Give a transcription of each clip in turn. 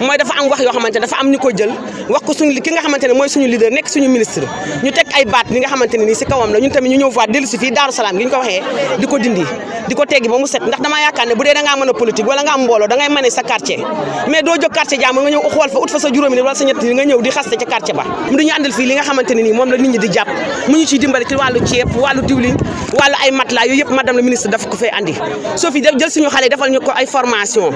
mooy dafa am wax yoo xamante dafa am ñu ko jël wax ko suñu ki nga xamante mooy suñu leader nekk suñu ministre ñu teg ay baat li nga xamante nii si kawam la ñun tamit ñu ñëw di ko dindi ca quartier ba mu dañu àndal fii li nga xamante nii moom la nit ñi di jàpp mu ñu ciy dimbali ci wàllu ceeb wàllu diwlin wàllu ay matelas yooyu yëpp la ministre dafa ko fay andi soo fi jël suñu xale defal ñu ko ay formation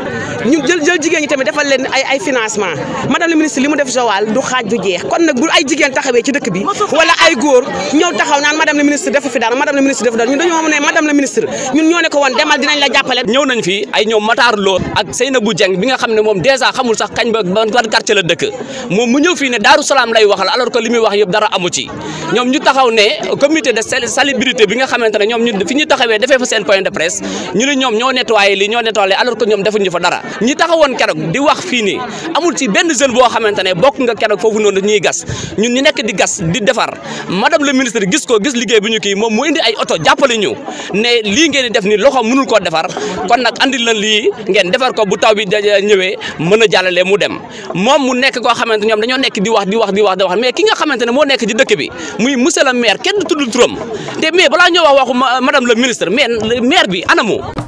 jël jigéen ñi tamit defal ay financement madame le ministre limu def jowal du xaaj du jeex kon nak bu ay jigen taxawé ci dëkk bi wala ay goor ñew taxaw naan madame le ministre def fi dara madame le ministre def dara ñun dañu ne madame le ministre ñun ñoo ne ko won demal dinañ la jappalé ñew nañ fi ay ñoom Matar Lo ak Seynabou jeng bi nga xamné mom déjà xamul sax kañ ba ban quartier la dëkk mom mu ñew fi né daru salam lay waxal alors que limi wax yëpp dara amu ci ñoom ñu taxaw né comité de salubrité bi nga xamante ne ñoom ñu fi ñu taxawé defee fa sen point de presse ñu li ñoom ñoo nettoyer li ñoo nettoyer alors que ñoom defuñu fa dara ñi taxawon kérok di wax fi ni amul ci benn jeune bo xamantene ne bokk nga kérok fofu non ñuy gas ñun ñu nekk di gas di défar madame le ministre gis ko gis liggéey bi ñu ki mom mu indi ay auto jàppale ñu ne li ngeen di def ni loxo mënul ko défar kon nak andil lan li ngeen défar ko bu taw bi ñëwé mëna jallalé mu dem mom mu nekk ko xamantene ñom dañoo nekk di wax di wax di wax di wax mais ki nga xamantene mo moo nekk ci dëkk bi muy monsieur le maire kenn tuddul turam té mais bala ñoo wax waxu madame le ministre mais maire bi anamu